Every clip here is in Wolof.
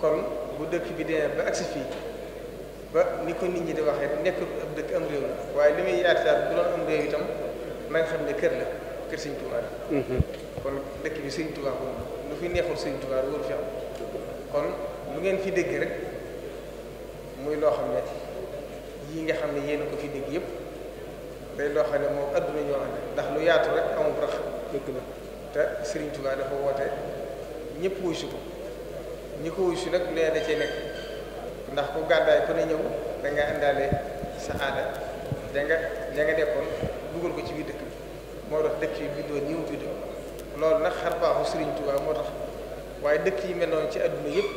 kon bu dëkk bi demee ba agsi fii ba ni ko nit ñi di waxee nekk ab dëkk am réew la waaye li yaat yaataat bu doon am réew itam na xam ne kër la kër Sëñ Tuubaa la mhm. kon dëkk bi Sëñ Tuubaa lu fi neexul Sëñ Tuubaa waru fi kon lu ngeen fi dégg rek muy loo xam ne yii nga xam ne yéen ko fi dégg yëpp day loo xam ne moom adduna ñoo xam ne ndax lu yaatu rek amul rax dëgg la te Sëriñ Tuubaa dafa woote ñépp wuy sutu ñi ko wuyu si nag lu da cee nekk ndax ku gàddaay ku ne ñëw da nga indaale sa aada da nga da nga nekkoon dugal ko ci biir dëkk bi moo tax dëkk yi bindoo nii mu bindoo loolu nag xar baaxu Sëriñ Tuubaa moo tax waaye dëkk yi mel noonu ci àdduna yëpp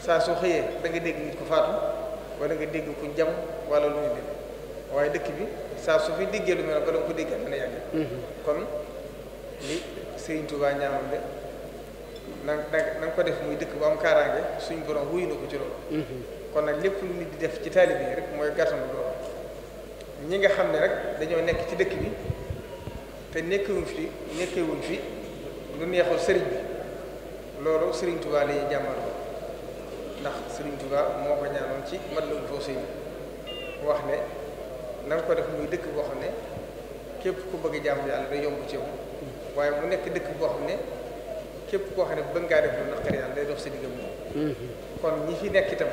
saa soo da nga dégg nit wala nga dégg jam wala lu waaye dëkk bi saa su fi déggee lu mel noonu ba da nga ko déggal mën yàgg mm-hmm. kon li Sëriñ Tuubaa ñaanal de na nga na ko def muy dëkk bu am kaaraange suñ borom wuyu na ko ci loolu. Mhm. kon nag lépp lu nit di def ci taalibe yi rek mooy gàttandu loolu ñi nga xam ne rek dañoo nekk ci dëkk bi te nekkewuñ fi nekkewuñ fi lu neexul sëriñ bi loolu sëriñ Tuubaa lay jàmmal ndax sëriñ Tuubaa moo ko ñaanoon ci man la foo sëriñ wax ne nan nga ko def muy dëkk boo xam ne képp ku bëgg jàmm yàlla day yomb ci yow mhm. waaye mu nekk dëkk boo xam ne képp koo xam ne bëgg ngaa def lu naqari yàlla day dox sa diggam moom mm-hmm. kon ñi fi nekk itam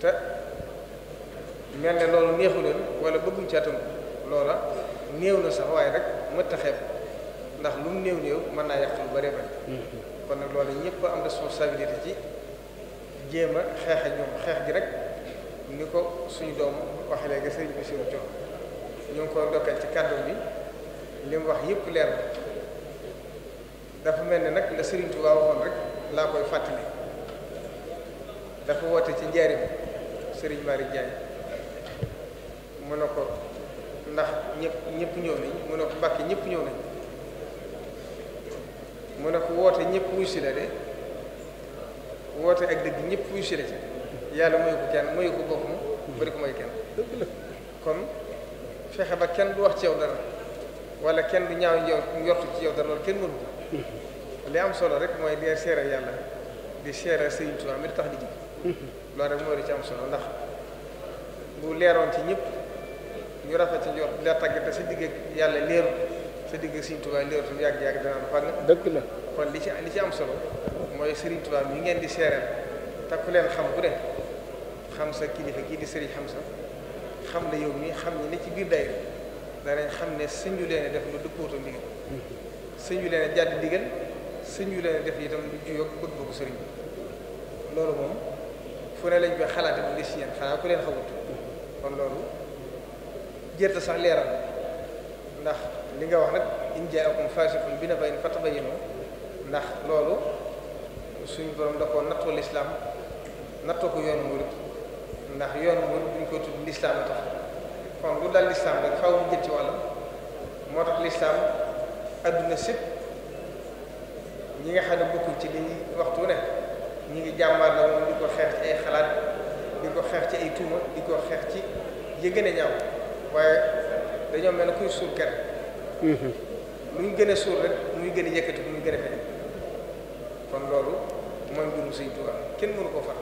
te mel ne loolu neexu leen wala bëgguñ ci atam loola néew na sax waaye rek mëtt a ndax lu mu néew néew mën naa yàq lu bëree bëri mm-hmm. kon nag loolu ñëpp am responsabilité ci jéem a xeex ak ñoom xeex gi rek ni ko suñu doom waxe léegi sëriñ bi siru coono ñu ngi ko dokkal ci kàddu bi li wax yëpp leer na dafa mel ne nag la Serigne Touba waxoon rek laa koy fàttali dafa woote ci njaarim Serigne Mari Diagne mu ne ko ndax ñëpp ñëpp ñëw nañ mu ne ko Mbàkke ñëpp ñëw mu ne ko woote ñëpp wuy si la de woote ak dëgg ñëpp wuy la ci yàlla mooy ko kenn mayu ko boppam bari ko may kenn kon fexe ba kenn du wax ci yow dara wala kenn du ñaaw njort ci yow dara loolu kenn mënu ko li am solo rek mooy di seeral yàlla di seeral Sëriñ Tuubaa mi tax di jig loolu rek moo di ci am solo ndax bu leeroon ci ñëpp ñu rafet ci njort la tàggate sa digg yàlla leeru sa digg Sëriñ Tuubaa leeru tu yàgg yàgg danaan fànn dëgg la li ci li ci am solo mooy Sëriñ Tuubaa mi ngeen di seeral te leen xam bu ne xam sa kilifa kii di Sëriñ xam sa xam la yow mi xam ñi ni ci biir day danañ xam ne suñu leen def lu dëppootu ndigal sëñ bi leen jàdd digal sëñ bi leen def itam lu juyoo bëgg bëggu sëriñ bi loolu moom fu ne lañ koy xalaate bu gis yéen xanaa ku leen xamut kon loolu jërta sax leeral ndax li nga wax nag in jaakum faasiqun bi naba'in fatabayyanu ndax loolu suñu borom da koo nattoo lislaam nattoo ko yoon murit ndax yoon murit duñ koy tudd lislaam a tax kon lu dal lislaam rek faaw mu jël ci moo tax lislaam adduna sépp ñi nga xam ne bokkuñ ci li ñuy waxtu ne ñi ngi jàmbaar la moom di ko xeex ci ay xalaat di ko xeex ci ay tuuma di ko xeex ci yi gën a ñaaw waaye dañoo mel ne kuy suur kenn mhm. gën a suur rek muy gën a yëkkati muy gën kon loolu mooy mbirum Sëñ Tuubaa kenn mënu koo far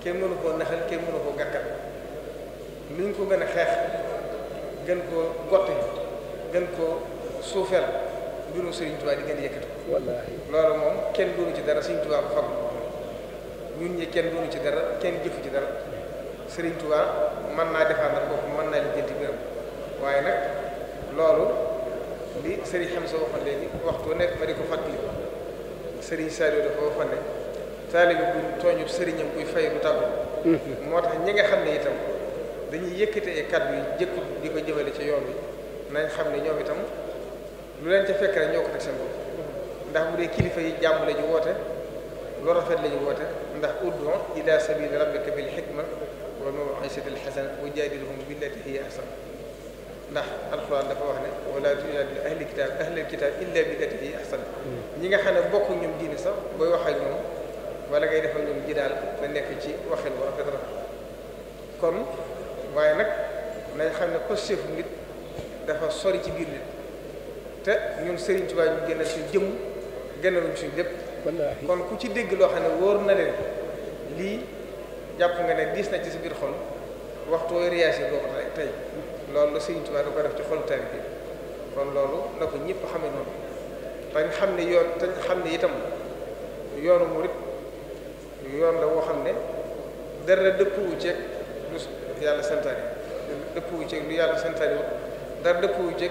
kenn mënu koo naxal kenn mënu koo gàkkal lu ñu ko gën a xeex gën koo gotti gën koo suufeel mbirum Serigne Touba di gën a yëkkati wallaahi loolu moom kenn doonu ci dara Serigne Touba bu fag ñun ñi kenn doonu ci dara kenn jëfu ci dara Serigne Touba mën naa défendre bopp mën naa lijjanti mbiram waaye nag loolu li Serigne Hamza waxoon léegi waxtu nekk ma di ko fàttali Serigne Saliou dafa waxoon ne taalibe bu tooñu sëriñam kuy fay bu tàggu moo tax ñi nga xam ne itam dañuy yëkkate ay kàddu yi jëkkut di ko jëmale ci yoon bi nañ xam ne ñoom itam lu leen ca fekk rek ñoo ko teg seen bopp ndax bu dee kilifa yi jàmm la ñu woote lu rafet la ñu woote ndax ud'u ila sabili rabbika bil hikma wal maw'izati al hasana wa jadilhum billati hiya ahsan ndax alxuraan dafa wax ne wala tujaadil ahli kitaab ahlal kitaab illa billati hiya ahsan ñi nga xam ne bokk ñoom diine sax booy wax ak ñoom wala ngay defal ñoom ji daal na nekk ci waxin bu rafet rafet kon waaye nag nañ xam ne positif nit dafa sori ci biir nit te ñun Serigne Touba ñu génnal suñu jëmm génnaluñ suñu lépp kon ku ci dégg loo xam ne wóor na leen lii jàpp nga ne gis na ci si biir xol waxtu wooy réagir boo ko tey loolu la Serigne Touba da ko def ci xol tari bi kon loolu na ko ñëpp xame noonu dañ xam ne yoon te xam ne itam yoonu murit yoon la woo xam ne dara dëppwu ceeg lu yàlla santaane dëppwu ceeg lu yàlla santaane dara dëppwu ceeg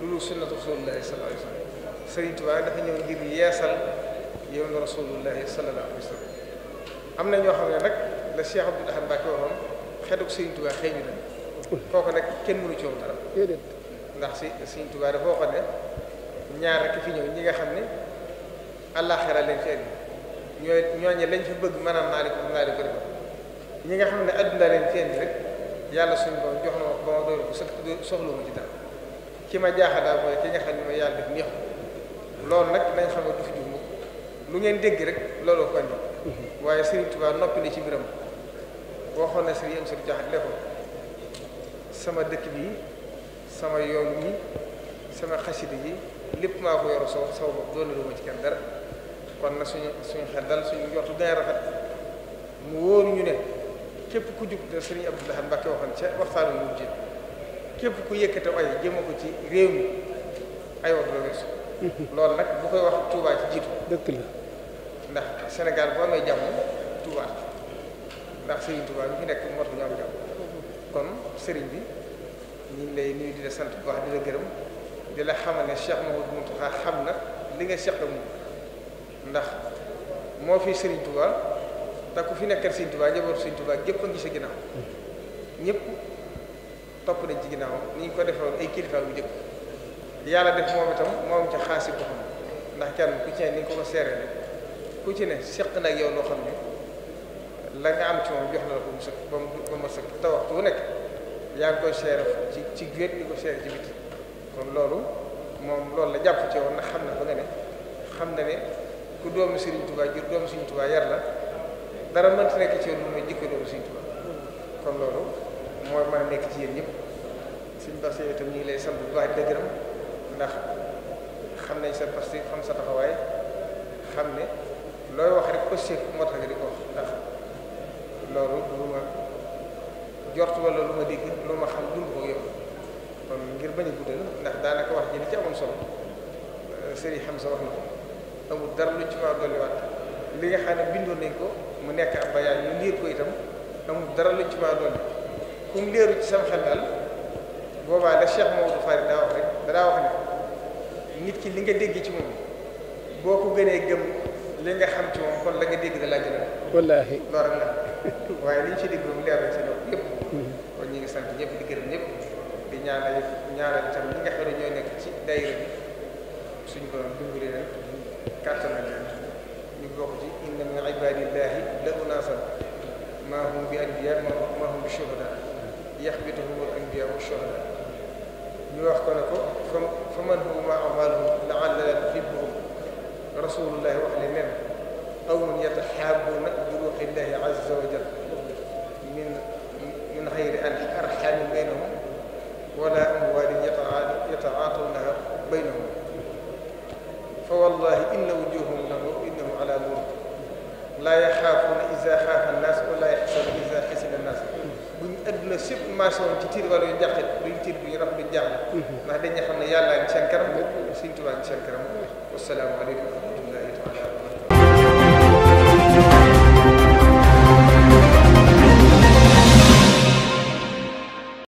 loolu sunnatu rasulillahi sallallahu alayhi wa sallam Sëriñ Tuubaa dafa ñëw ngir yeesal yoonu rasulillahi sallallahu alayhi wa sallam am na ñoo xam ne nag la Cheikh Abdoul Ahad Mbacké waxoon xetuk Sëriñ Tuubaa xëy ñu kenn mënu ci woon dara ndax si Sëriñ Tuubaa dafa waxoon ne ñaar rek fi ñëw ñi nga xam ne àllaaxira lañ fi indi ñooy ñooñu lañ fi bëgg maanaam naa leen ko naa ko defal ñi nga xam ne adduna leen fi indi rek yàlla suñu borom jox na ma ba ma doon ki ma jaaxa daal mooy ki nga xam ne mooy yàlla def neexu loolu nag nañ xam ne du fi jub lu ngeen dégg rek looloo ko andi waaye Serigne Touba noppi na ci mbiram waxoon na Serigne Amsa Diakhaté ko sama dëkk bi sama yoon yi sama xasida yi lépp maa ko yor soo sama bopp lu ma ci kenn dara kon na suñu suñu xel dal suñu njortu gën a rafet mu wóor ñu ne képp ku jub te Serigne Abdou Lahad Mbacké waxoon ca waxtaanu mu jëm. képp ku yëkkate ay jëma ko ci réew mi ay wax doo weesu nag bu koy wax Touba ci jiitu dëkk la ndax Sénégal boo amee jàmm Touba ndax Serigne Touba bi fi nekk moo tax kon Serigne bi ñu ngi lay nuyu di la sant bu baax di gërëm di la xamal ne Cheikh Mouhamadou Mountakha xam na li nga Cheikh la moom ndax moo fi sëriñ Touba te fi nekkal Serigne Touba njabootu Serigne Touba gépp a ngi sa ginnaaw mm-hmm. ñëpp topp nañ ci ginnaaw ni ñu ko defewoon ay kilifa bu jëkk yàlla def moom itam moom ca xaasi boo ndax kenn ku ci ne ni ko seeree ku ci ne seq nag yow loo xam ne la nga am ci moom jox na la ko mu sëkk ba mu ba mu sëkk te nekk yaa ngi koy seere ci ci géej ko seere ci biti kon loolu moom loolu la jàpp ci woon ndax xam na ba nga ne xam na ne ku doomu Serigne Touba jur doomu Serigne Touba yar la dara mënti nekk ci yow lu muy jikko doomu Serigne Touba kon loolu. mooy mën a nekk ci yéen ñëpp suñ Basse tam itam ngi lay sant bu baax di la gërëm ndax xam nañ sa Basse xam sa taxawaay xam ne looy wax rek aussi moo tax di ko ndax loolu lu ma jort wala lu ma dégg lu ma xam dund ko yow kon ngir bañ a guddal ndax daanaka wax ji li ci amoon solo euh, Serigne Hamza wax na ko amul dara luñ ci war a dolliwaat li nga xam ne bindoon nañ ko mu nekk ab bayaan ñu liir ko itam amul dara luñ ci war a kuñ leeru ci sam xel daal boobaa la Cheikh Maodo Fari daa wax rek daa wax nit ki li nga dégg ci moom boo ko gënee gëm li nga xam ci moom kon la nga dégg da laa gën a. wallaahi loolu la waaye li ci dégg leer na ci mm-hmm. ñu ngi sant ñëpp di gërëm di ñaanal ñaanal itam ñi nga xam ñoo nekk ci daayira bi suñu borom dimbali leen kàttanal leen ñu bokk ci inna min ibadillaahi la unaasan maa hum bi anbiyaa maa bi shuhadaa yaxbituhum al anbiya wa shuhada ñu wax ko ne ko fa man huwa a'maluhum la'alla yuhibbuhum rasulullah wax li nen aw man yatahaabbuuna bi ruuhi llahi azza wa jalla adduna sépp marché woon ci tiir wala yu njàqit duñ tiir bu ñu raf duñ jàmm mm-hmm. ndax dañ xam ne yàllaa ngi seen kanam Sëriñ Tuubaa ngi seen kanam wasalaamaaleykum